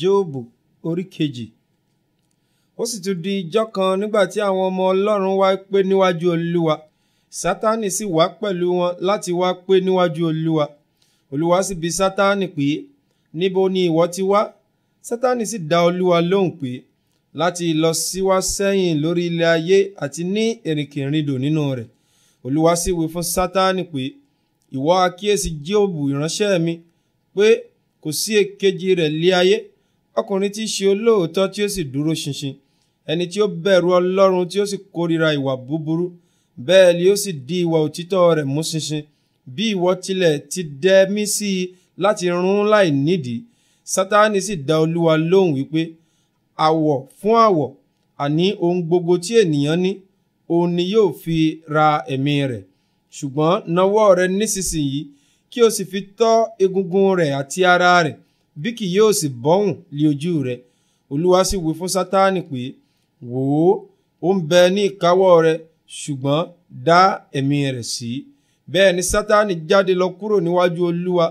jóòbù orí kejì ó sì tún di ijọ́ kan nígbà tí àwọn ọmọ ọlọ́run wá pé níwájú olúwa sátánì sì wá pẹ̀lú wọn láti wá pé níwájú olúwa olúwa sì bi sátánì pé níbo ni ìwọ ti wá sátánì sì dá olúwa lóhùn pé láti lọ síwá sẹ́yìn lórí ilẹ̀ ayé àti ní èrìnkèrindò nínú rẹ̀ olúwa sì wí fún sátánì pé ìwọ akíyèsí jóòbù ìránṣẹ́ mi pé kò sí èkejì rẹ̀ lé ayé ọkùnrin tí í ṣe olóòótọ́ tí ó sì dúró ṣinṣin ẹni tí ó bẹ̀rù ọlọ́run tí ó sì kórira ìwà búburú bẹ́ẹ̀ ni ó sì di ìwà òtítọ́ rẹ̀ mú ṣinṣin bí ìwọ tilẹ̀ ti dẹ mí sí i láti run láì nídìí sátánì sì dá olúwa lóhùn wípé àwọ̀ fún àwọ̀ àní ohun gbogbo tí ènìyàn ní òun ni yóò fi ra ẹ̀mí rẹ̀ ṣùgbọ́n nawọ́ rẹ̀ nísinsìnyí kí o sì fi tọ́ egungun rẹ̀ àti ara rẹ̀ bí kì yóò sì bọ́hùn lé ojú rẹ̀ olúwa sì wí fún sátánì pé wò ó ó ń bẹ ní ìkáwọ́ rẹ̀ ṣùgbọ́n dá ẹ̀mí rẹ̀ sí bẹ́ẹ̀ ni jáde lọ kúrò níwájú olúwa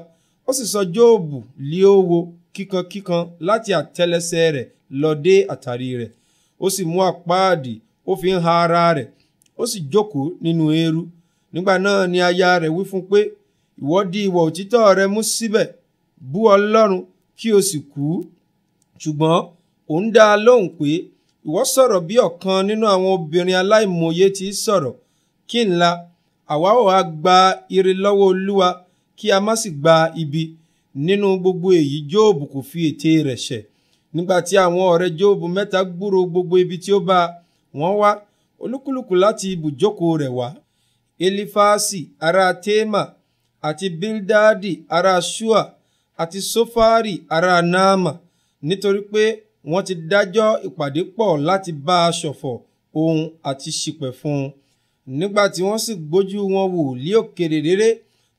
ó sì sọ jóòbù lé owó kíkankíkan láti àtẹ́lẹsẹ̀ rẹ̀ lọ dé àtàrí rẹ̀ ó sì mú àpáàdì ó fi ń ha ara rẹ̀ ó sì jókòó nínú eérú nígbà náà ni aya rẹ̀ ìwọ̀ òtítọ́ rẹ mú síbẹ̀ bú ọlọ́run kí o sì kú ṣùgbọ́n òun dá a lóhùn pé ìwọ sọ̀rọ̀ bí ọ̀kan nínú àwọn obìnrin aláìmòye ti sọ̀rọ̀ kí n la àwa ò á gba ire lọ́wọ́ olúwa kí a má sì gba ibi nínú gbogbo èyí jóòbù kò fi ète rẹ̀ ṣẹ̀ nígbà tí àwọn ọ̀rẹ́ jóòbù mẹ́ta gbúrò gbogbo ibi tí ó bá wọn wá olúkúlùkù láti ibùjókòó rẹ̀ wá elifasi ará tema àti bildadi ará shua àti sófárì ará náàmà nítorí pé wọ́n ti dájọ́ ìpàdé pọ̀ láti bá a ṣọ̀fọ̀ òun àti ṣìpẹ̀ fún un nígbà tí wọ́n sì gbójú wọn wò lí òkèrè réré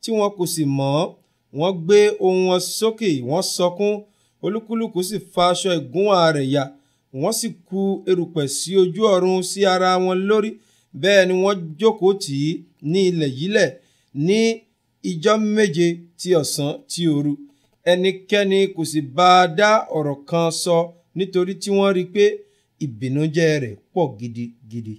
tí wọn kò sì mọ̀ ọ́ wọ́n gbé ohùn wọn sókè wọ́n sọkún olúkúlùkù sì fa aṣọ ìgúnwà rẹ̀ ya wọ́n sì ku erùpẹ̀ sí ojú ọ̀run sí ara wọn lórí bẹ́ẹ̀ ni wọ́n jókòó tì í ní ilẹ̀ yílẹ̀ ní ijọ́ méje ti ọ̀sán ti òru ẹnikẹ́ni kò sì bá a dá ọ̀rọ̀ kan sọ nítorí tí wọ́n rí i pé ìbìnújẹ́ rẹ̀ pọ̀ gidigidi.